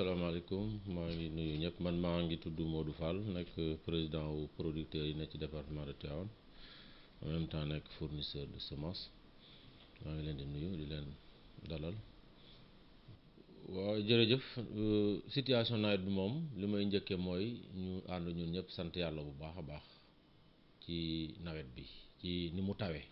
asalaamaaleykum maa ngi nuyu ñëpp man maa ngi tudd Modou Fall nekk président wu producteurs yi ne ci département de Tivaouane en même nekk fournisseur de semence maa ngi leen di nuyu di leen dalal waaw jërëjëf euh, situation nawet bi moom li may njëkkee mooy ñu ànd ñun ñëpp sant yàlla bu baax a baax ci nawet bi ci ni mu tawee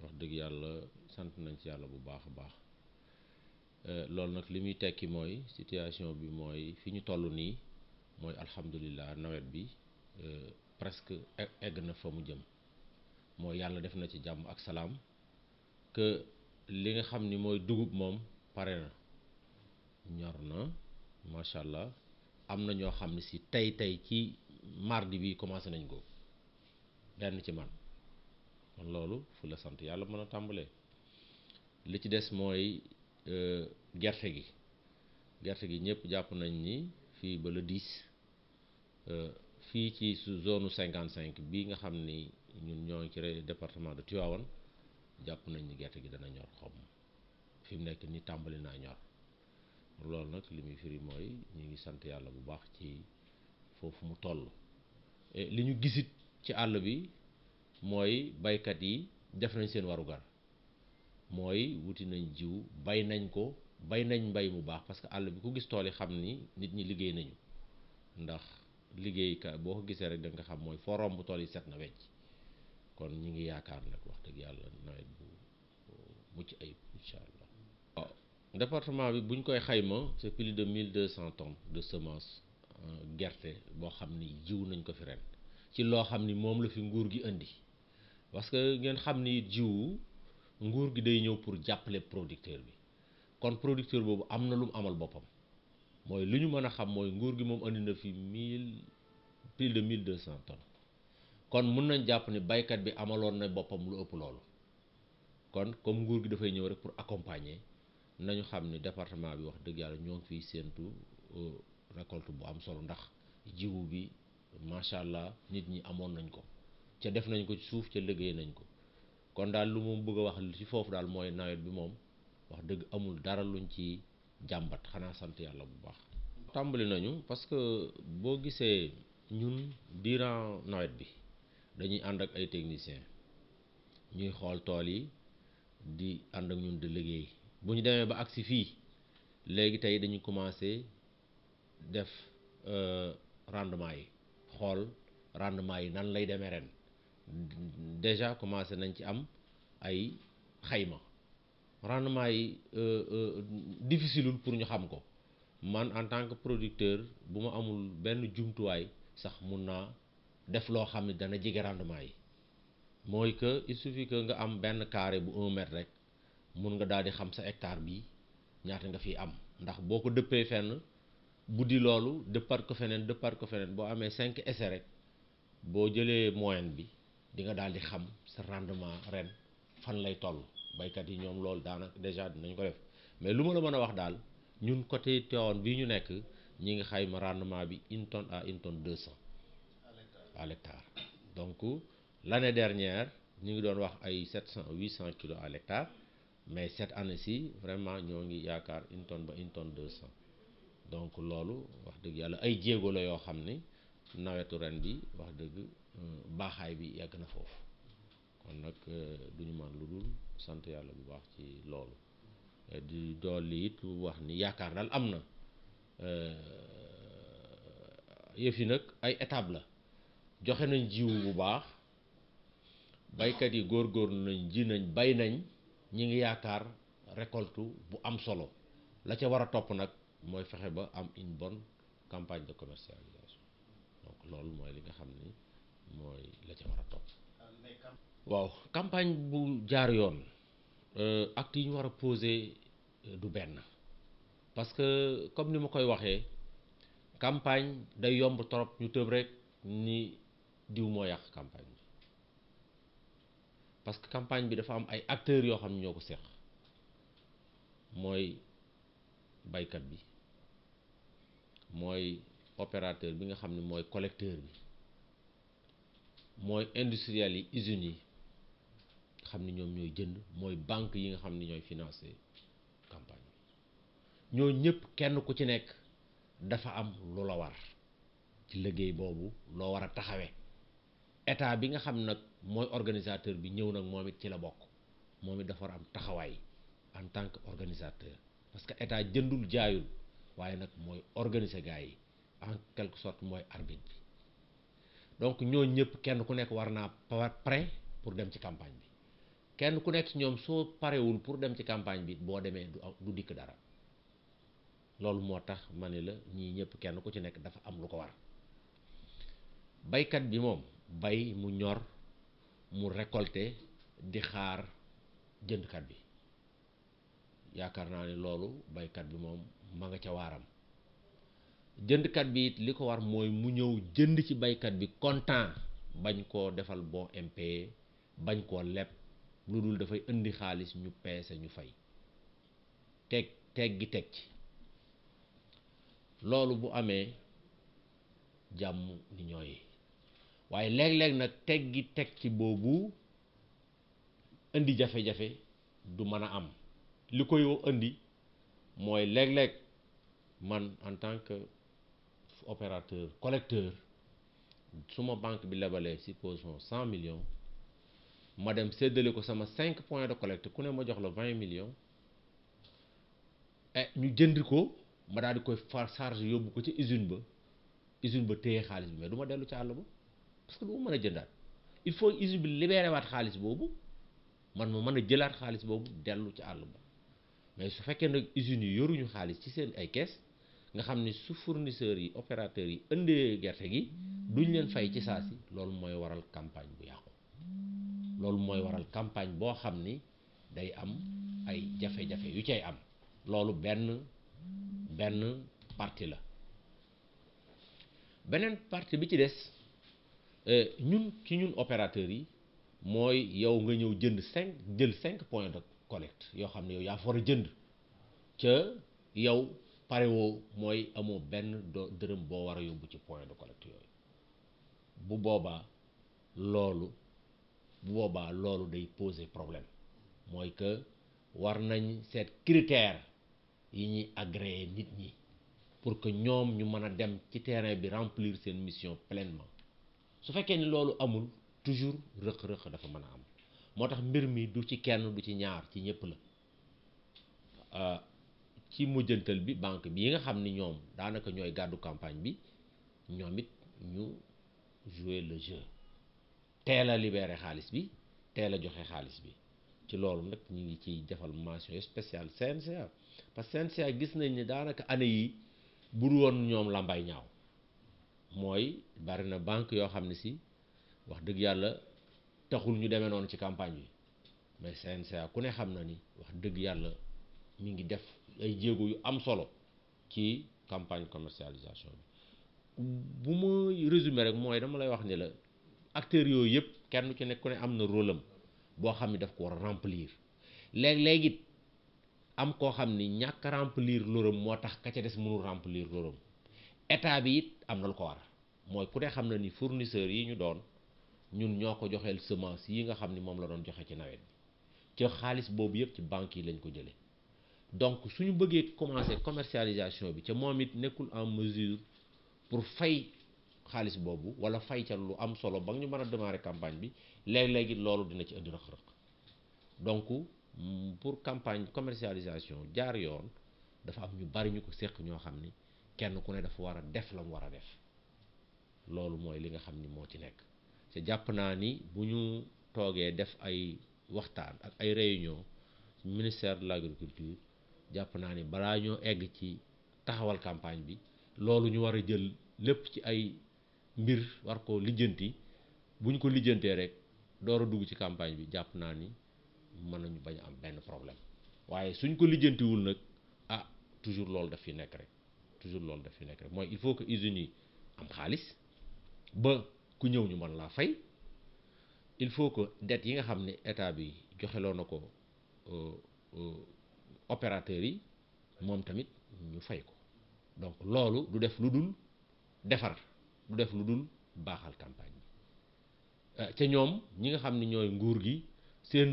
wax dëgg yàlla sant nañ ci yàlla bu baax a baax Euh, loolu nag li muy tekki mooy situation bi mooy fi ñu toll nii mooy alhamdulilah nawet bi euh, presque egg na fa mu jëm mooy yàlla def na ci jàmm ak salaam que li nga xam ni mooy dugub moom pare na ñor na macha allah am na ñoo xam ne si tey tey ci mardi bi commencé nañ ko benn ci man kon loolu fu la sant yàlla mën a tàmbalee li ci des mooy. Euh, gerte gi gerte gi ñëpp jàpp nañ ni fii ba le 10 euh, fii ci zone 55 bii nga xam ni ñun ñoo ngi ci département de Tivaouane jàpp nañ ni gerte gi dana ñor xom fi mu nekk ni tàmbali naa ñor loolu nag li muy firi mooy ñu ngi sant yàlla bu baax ci foofu mu toll li ñu gisit ci àll bi mooy baykat yi def nañ seen warugar mooy wuti nañ jiw bay nañ ko bay nañ mbay mu baax parce que àll bi ku gis tool yi xam ni nit ñi liggéey nañu ndax liggéey ka boo ko gisee rek da nga xam mooy foo romb tool yi set na wecc kon ñu ngi yaakaar nag wax dëgg yàlla nawet bu mucc ayib incha allah. waaw département bi buñ koy xayma c'est plus de cent tonnes de semence euh, gerte boo xam ni jiw nañ ko fi ren ci loo xam ni moom la fi nguur gi indi parce ngeen xam ni jiwu nguur gi day ñëw pour jàppale producteur bi kon producteur boobu am na lu mu amal boppam mooy lu ñu mën a xam mooy nguur gi moom andi na fi mille plus de mille deux cent tonnes kon mun nañ jàpp ni baykat bi amaloon na boppam lu ëpp loolu kon comme nguur gi dafay ñëw rek pour accompagner nañu xam ni département bi wax dëgg yàlla ñoo ngi fiy séentu euh, récolte bu am solo ndax jiw bi macha allah nit ñi amoon nañ ko ca def nañ ko ci suuf ca liggéey nañ ko. kon daal lu mu bëgg wax wax ci foofu daal mooy nawet bi moom wax dëgg amul dara luñ ci jàmbat xanaa sant yàlla bu baax. tàmbali nañu parce que boo gisee ñun durant nawet bi dañuy ànd ak ay techniciens ñuy xool tool yi di ànd ak ñun di liggéey bu ñu demee ba agsi fii léegi tey dañuy commencé def euh, rendement yi xool rendement yi nan lay demee ren. déjà commencé nañ ci am ay xayma rendement yi euh, euh, difficileul pour ñu xam ko man en tant que producteur bu ma amul benn jumtuwaay sax mun naa def loo xam ne dana jege rendement yi mooy que il suffit nga am benn carré bu un mètre rek mun nga daal di xam sa hectare bi ñaata nga fi am ndax boo ko dëppee fenn buddi loolu dëppaat ko feneen dëppaat ko feneen boo amee cinq essais rek boo jëlee moyenne bi di nga daal di xam sa rendement ren fan lay toll baykat yi ñoom loolu daanaka déjà dinañ ko def mais lu ma la mën a wax daal ñun côté Tivaouane bii ñu nekk ñi ngi xayma rendement bi une tonne à une tonne deux cent à l'hectare donc l'année dernière ñu ngi doon wax ay sept cent huit cent kilos à l'hectare mais cette année si vraiment ñoo ngi yaakaar une tonne ba une tonne deux cent donc loolu wax dëgg yàlla ay jéego la yoo xam ni nawetu ren bi wax dëgg baaxaay bi yàgg na foofu kon nag euh, du ñu man lu dul sant yàlla bu baax ci loolu euh, di dolli it bu wax ni yaakaar daal am na euh, yëf yi nag ay étape la joxe nañ jiwu bu baax baykat yi góor góorgóorlu nañ ji nañ bay nañ ñi ngi yaakaar récolte bu am solo la ca war a topp nag mooy fexe ba am une bonne campagne de commercialisation donc loolu mooy li mooy la ca war a topp. waaw campagne bu jaar yoon euh, acte yi ñu war a poser euh, du benn parce que comme ni ma koy waxee campagne day yomb trop ñu tëb rek ni diw moo yàq campagne bi parce que campagne bi dafa am ay acteurs yoo xam ne ñoo ko seq mooy baykat bi mooy opérateur bi nga xam ne mooy collecteur bi. mooy industriels yi usines yi xam ni ñoom ñooy jënd mooy banque yi nga xam ni ñooy financer campagne bi ñoo ñëpp kenn ku ci nekk dafa am lu la war ci liggéey boobu loo war a taxawee état bi nga xam nag mooy organisateur bi ñëw nag moom it ci la bokk moom it dafa war am taxawaay en tant que organisateur parce que état jëndul jaayul waaye nag mooy organiser gars yi en quelque sorte mooy arbitre bi donc ñooñu ñëpp kenn ku nekk war naa pare pour dem ci campagne bi kenn ku nekk ci ñoom soo parewul pour dem ci campagne bi boo demee du du dikk dara loolu moo tax ma ne la ñii ñëpp kenn ku ci nekk dafa am lu ko war baykat bi moom bay mu ñor mu récolter di xaar jëndkat bi yaakaar naa ni loolu baykat bi moom ma nga ca waaram jëndkat bi it li ko war mooy mu ñëw jënd ci baykat bi kontaan bañ koo defal boo MP bañ koo leb lu dul dafay indi xaalis ñu peese ñu fay teg teg gi teg ci loolu bu amee jàmm ni ñooy waaye léeg-léeg nag teg gi teg ci boobu indi jafe-jafe du mën a am li koy indi mooy léeg-léeg man en tant que opérateur collecteur suma banque bi lebalee supposons cent million ma dem seddale ko sama cinq points de collecte ku ne ma jox la vingt millions et ñu jënd ko ma daal koy far charge yóbbu ko ci usine ba usine ba téye xaalis bi mais du ma dellu ci àll ba parce que du ma mën a jëndaat il faut usine bi xaalis boobu man ma mën a jëlaat xaalis boobu dellu ci àll ba mais su fekkee nag usine yi yoruñu xaalis ci seen ay caisse nga xam ni su fournisseurs yi opérateurs yi indee gerte gi duñ leen fay ci saa si loolu mooy waral campagne bu yàqu loolu mooy waral campagne boo xam ni day am ay jafe-jafe yu cay am loolu benn benn partie la beneen partie bi ci des euh, ñun ci ñun opérateurs yi mooy yow nga ñëw jënd cinq jël cinq points de collect yoo xam ne yow yaa fa jënd ca yow parewoo mooy amoo benn doo dërëm boo war yóbbu ci point de collecte yooyu bu boobaa loolu bu boobaa loolu day poser problème mooy que war nañ seet critère yi ñuy agréer nit ñi pour que ñoom ñu mën a dem ci terrain bi remplir seen mission pleinement su fekkee ni loolu amul toujours rëq-rëq dafa mën a am moo tax mbir mi du ci kenn du ci ñaar ci ñépp la euh, ci mujjantal bi banque bi yi nga xam ni ñoom daanaka ñooy gàddu campagne bi ñoom it ñu jouer le jeu teel a libéré xaalis bi teel a joxe xaalis bi ci loolu nag ñu ngi ciy defal mention spéciale CNCA parce que CNCA gis nañ ne daanaka année yi bur woon ñoom lambay ñaaw mooy bari na banque yoo xam ne si wax dëgg yàlla taxul ñu demee noonu ci campagne bi mais CNCA ku ne xam na ni wax dëgg yàlla mu ngi def ay jéego yu am solo ci campagne commercialisation bi bu ma résumé rek mooy dama lay wax ni la acteurs yooyu yëpp kenn ci nekk ku ne am na rôle am boo xam ne daf ko war a remplir léeg-léeg am koo xam ni ñàkk remplir loram moo tax ka ca des mënul remplir loram état bi am na lu ko war mooy ku dee xam na ni fournisseurs yi ñu doon ñun ñoo ko joxeel semence yi nga xam ni moom la doon joxe ci nawet bi ci xaalis boobu yëpp ci banques yi lañ ko jëlee. donc su ñu bëggee commencer commercialisation bi ca moom it nekkul en mesure pour fay xaalis boobu wala fay ca lu am solo ba ñu mën a démarrer campagne bi léeg-léegi loolu dina ci indi rëq-rëq donc pour campagne commercialisation jaar yoon dafa am ñu bari ñu ko séq ñoo xam ni kenn ku ne dafa war a def la mu war a def loolu mooy li nga xam ni moo ci nekk te jàpp naa ni bu ñu toogee def ay waxtaan ak ay réunion ministère de l'agriculture jàpp naa ni balaa ñoo egg ci taxawal campagne bi loolu ñu war a jël lépp ci ay mbir war ko lijjanti buñ ko lijjantee rek door a dugg ci campagne bi jàpp naa ni mën nañu bañ am benn problème waaye suñ ko lijjantiwul nag ah toujours loolu daf nekk rek toujours loolu daf nekk rek mooy il faut que usines yi am xaalis ba ku ñëw ñu mën laa fay il faut que det yi nga xam ne état bi joxeloo na ko euh, euh, opérateurs yi moom tamit ñu fay ko donc loolu du def lu dul defar du def lu dul baaxal campagne bi euh, ca ñoom ñi nga xam ni ñooy nguur gi seen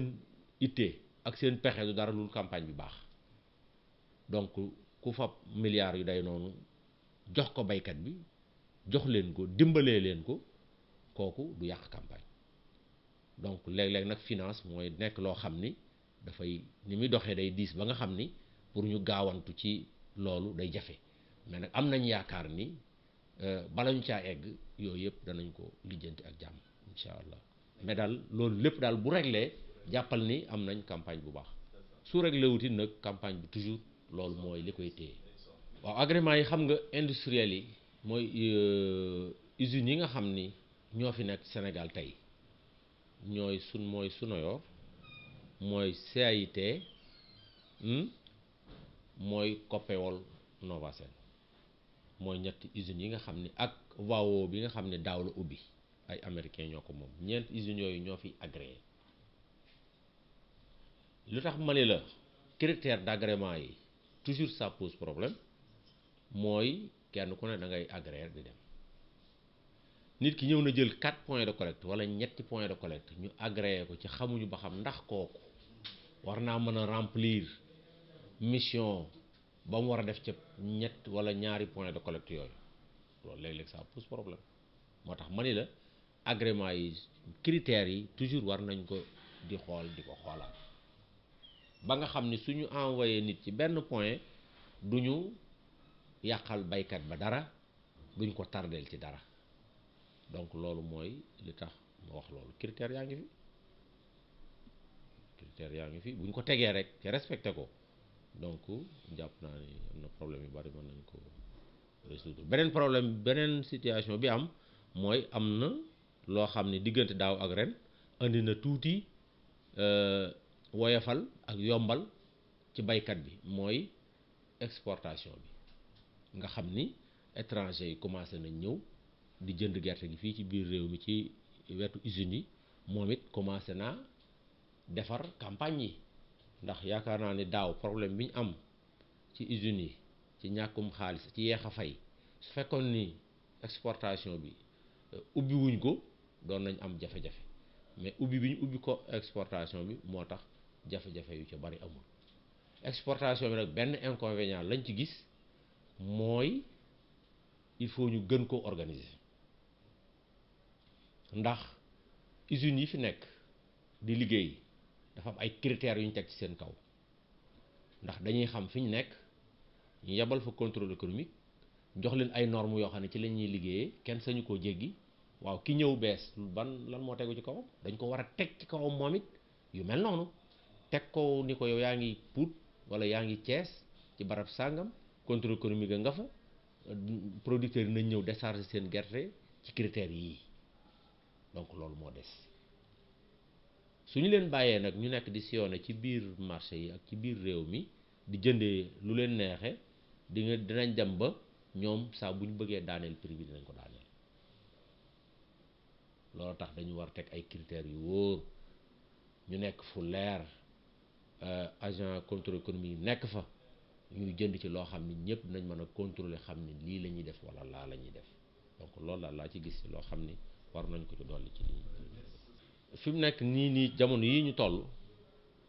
ittee ak seen pexe du dara lu dul campagne bi baax donc ku fab milliards yu day noonu jox ko baykat bi jox leen ko dimbalee leen ko kooku du yàq campagne donc léeg-léeg nag finance mooy nekk loo xam ni dafay ni muy doxee day diis ba nga xam ni pour ñu gaawantu ci loolu day jafe mais nag am nañ yaakaar ni euh, bala ñu caa egg yooyu yëpp danañ ko lijjanti ak jàmm incha allah mais daal loolu lépp daal bu réglé jàppal ni am nañ campagne bu baax su réglé wuti nag campagne bi toujours loolu mooy li koy téye waaw agrément yi xam nga industriel yi mooy euh, usines yi nga xam ni ñoo fi nekk Sénégal tey ñooy sun mooy Sunoyor mooy CAIT hmm, mooy Copéol Novasen mooy ñetti usines yi nga xam ni ak Vao bi nga xam ne daaw la ubbi ay américains ñoo ko moom ñeent usines yooyu ñoo fi agréé lu tax ma ne la critère d'agrément yi toujours ça pose problème mooy kenn ku ne da ngay agréer di dem nit ki ñëw na jël 4 points de collecte wala ñetti point de collecte ñu agréé ko ci xamuñu ba xam ndax kooku war naa mën a remplir mission ba mu war a def ca ñett wala ñaari point de collecte yooyu loolu léeg-léeg ça pose problème moo tax ma ni la agrément yi critères yi toujours war nañ ko di xool di ko xoolaat ba nga xam ni suñu envoyé nit ci benn point du ñu yàqal baykat ba dara duñ ko tardeel ci dara donc loolu mooy li tax ma wax loolu critères yaa ngi militaire yaa ngi fi bu ñu ko tegee rek te respecté ko donc jàpp naa ne am na problème yu bari mën nañ ko résoudre beneen problème beneen situation bi am mooy am na loo xam ne diggante daaw ak ren andi na tuuti euh, woyofal ak yombal ci baykat bi mooy exportation bi nga xam ni étranger yi commencé nañ ñëw di jënd gerte gi fii ci biir réew mi ci wetu usines yi moom it commencé naa defar campagne yi ndax yaakaar naa ni daaw problème bi ñu am ci usines yi ci ñàkkum xaalis ci yeex a fay su fekkoon ni exportation bi euh, ubbiwuñ ko doon nañ am jafe-jafe mais ubbi bi ñu ubbi ko exportation bi moo tax jafe-jafe yu ci bari amul exportation bi nag benn inconvénient lañ ci gis mooy il faut ñu gën koo organiser ndax usines yi fi nekk di liggéey dafa am ay critères yu ñu teg ci seen kaw ndax dañuy xam fi ñu nekk ñu yebal fa contrôle économique jox leen ay normes yoo xam ne ci lañuy ñuy liggéeyee kenn sañu koo jéggi waaw ki ñëw bees ban lan moo tegu ci kawam dañ ko war a teg ci kawam moom it yu mel noonu teg ko ni ko yow yaa ngi Pout wala yaa ngi Thiès ci barab sàngam contrôle économique nga fa producteurs yi nañ ñëw décharger seen gerte ci critères yii donc loolu moo des. suñu leen bàyyee nag ñu nekk di sillonné ci biir marché yi ak ci biir réew mi di jëndee lu leen neexe di nga dinañ dem ba ñoom saa bu ñu bëggee daaneel prix bi dinañ ko daaneel loolu tax dañu war teg ay critères yu wóor ñu nekk fu leer euh, agent contrôle économique yi nekk fa ñu jënd ci loo xam ni ñëpp nañ mën a contrôler xam ni lii la ñuy def wala laa la ñuy def donc loolu daal laa ci gis loo xam ni war nañ ko ci dolli ci lii fi mu nekk nii nii jamono yi ñu toll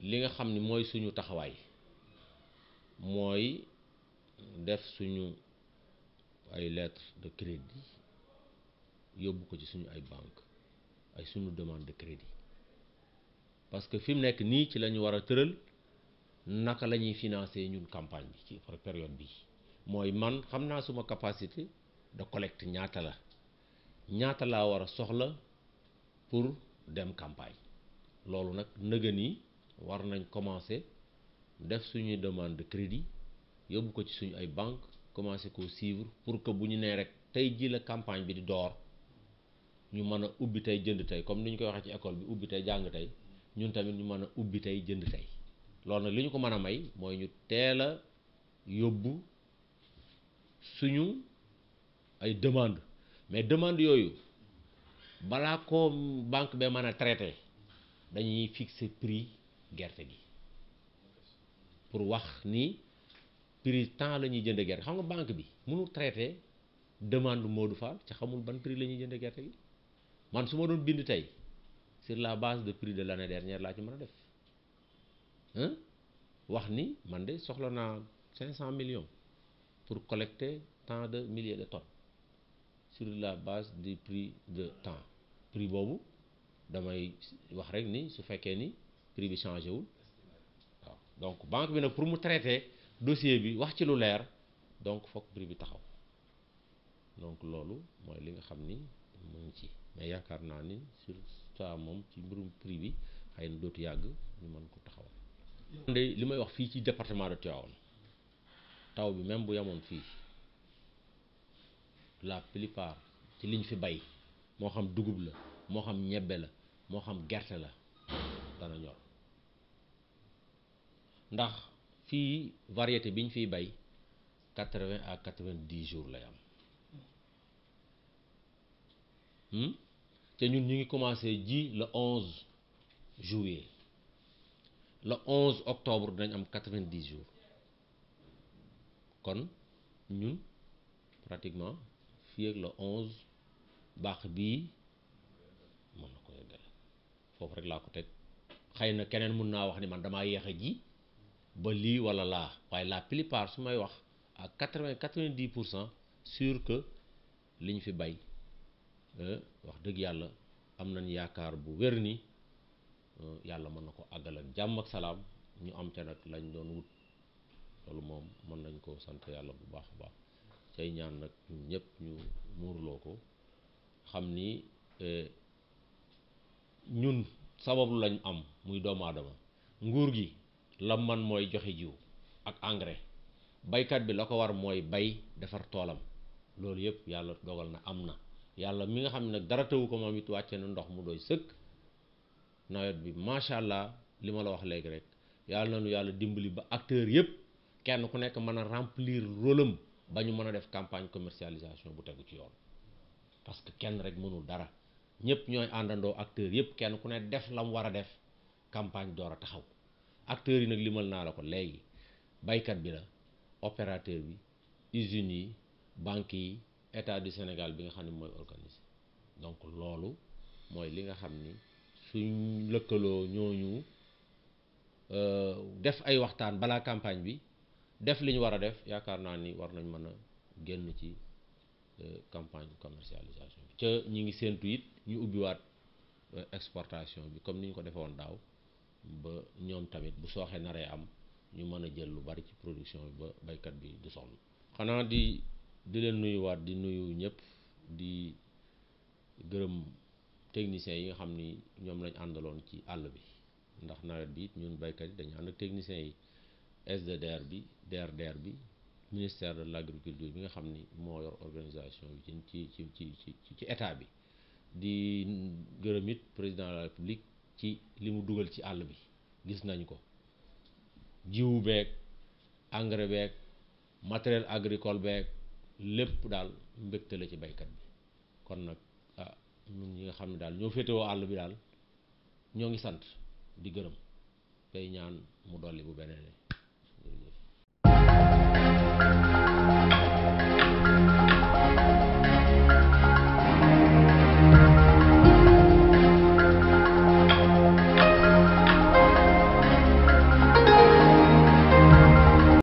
li nga xam ni mooy suñu taxawaay mooy def suñu ay lettre de crédit yóbbu ko ci suñu ay banque ay suñu demande de crédit parce que fi mu nekk nii ci lañu ñu war a tëral naka la ñuy financer ñun campagne bi ci période bi mooy man xam naa suma capacité de collecte ñaata la ñaata laa war a soxla pour dem campagne loolu nag nëga ni war nañ commencé def suñuy demande de crédit yóbbu ko ci suñu ay banque commencer ko suivre pour que bu ñu nee rek tey jii la campagne bi di door ñu mën a ubbi tey jënd tey comme ni ñu koy waxee ci école bi ubbi tey jàng tey ñun tamit ñu mën a ubbi tey jënd tey loolu nag li ñu ko mën a may mooy ñu teel a yóbbu suñu ay demande mais demande yooyu balaa ko banque be mën a traité dañuy fixer prix gerte gi pour wax ni prix temps la ñuy jënd gerte xam nga banque bi mënul traité demande Modou Fall ci xamul ban prix la ñuy jënd gerte gi man su ma doon bind tey sur la base de prix de l'année dernière laa ci mën a def wax ni man de soxla naa cinq cent million pour collecter temps de milliers de tonnes sur la base du prix de temps prix boobu damay wax rek ni su fekkee ni prix bi changé wul donc banque bi nag pour mu traité dossier bi wax ci lu leer donc foog prix bi taxaw donc loolu mooy li nga xam ni mu ngi ci mais yaakaar naa ni sur ça moom ci mbirum prix bi xëy na dootu yàgg ñu mën ko taxawal. de li may wax fii ci département de Tivaouane taw bi même bu yamoon fii la plupart ci liñ fi bay. moo xam dugub la moo xam ñebbe la moo xam gerte la dana ñor ndax fii variété bi ñu fiy bay quatre-vingts à quatre-vingt-dix jours lay am hmm? te ñun ñu ngi commencé ji le onze juillet le onze octobre dinañ am quatre-vingt-dix jours kon ñun pratiquement fii ak le onze baax bii mën na ko yeggale foofu rek laa ko teg xëy na keneen mun naa wax ni man damaa yéex a ji ba lii wala laa waaye la plupart su may wax ak quatre vingt quatre vingt dix pour cent sûr que li ñu fi bay euh, wax dëgg yàlla am nañ yaakaar bu wér ni euh, yàlla mën na ko àggal ak jàmm ak salaam ñu am ca nag lañ doon wut loolu moom mën nañ koo sant yàlla bu baax baax cay ñaan nag ñun ñu muurloo ko. xam ni e, ñun sabablu lañ am muy doomu aadama nguur gi la man mooy joxe jiw ak engrais baykat bi la ko war mooy bay defar toolam loolu yëpp yàlla dogal na am na yàlla mi nga xam ne nag dara tawu ko moom it wàcce na ndox mu doy sëkk nawet bi macha allah li ma la wax léegi rek yàlla na nu yàlla dimbali ba acteur yëpp kenn ku nekk mën a remplir rôle am ba ñu mën a def campagne commercialisation bu tegu ci yoon. parce que kenn rek mënul dara ñëpp ñooy àndandoo acteurs yëpp kenn ku ne def lam war a def campagne door a taxaw acteurs yi nag limal naa la ko léegi baykat bi la opérateur bi usines yi banque yi état du Sénégal bi nga xam ne mooy organiser donc loolu mooy li nga xam ni su lëkkaloo ñooñu euh, def ay waxtaan balaa campagne bi def li ñu war a def yaakaar naa ni war nañ mën a génn ci campagne commercialisation bi ca ñi ngi séentu it ñu ubbiwaat euh, exportation bi comme ni ñu ko defoon daaw ba ñoom tamit bu sooxee naree am ñu mën a jël lu bari ci production bi ba baykat bi du sonn xanaa di di leen nuyuwaat di nuyu ñëpp di gërëm techniciens yi nga xam ni ñoom lañ àndaloon ci àll bi ndax nawet bi it ñun baykat yi dañu ànd ak techniciens yi SDDR bi DRDR bi ministère de l' agriculture bi nga xam ni moo organisation bi ci ci ci ci ci état bi di gërëm it président de la république ci li mu dugal ci àll bi gis nañ ko jiwu beeg engrais beeg matériel agricole beek lépp daal mbégte ci baykat bi kon nag ah ñun ñi nga xam ne daal ñoo féetewoo àll bi daal ñoo ngi sant di gërëm tey ñaan mu dolli bu beneen Thank you.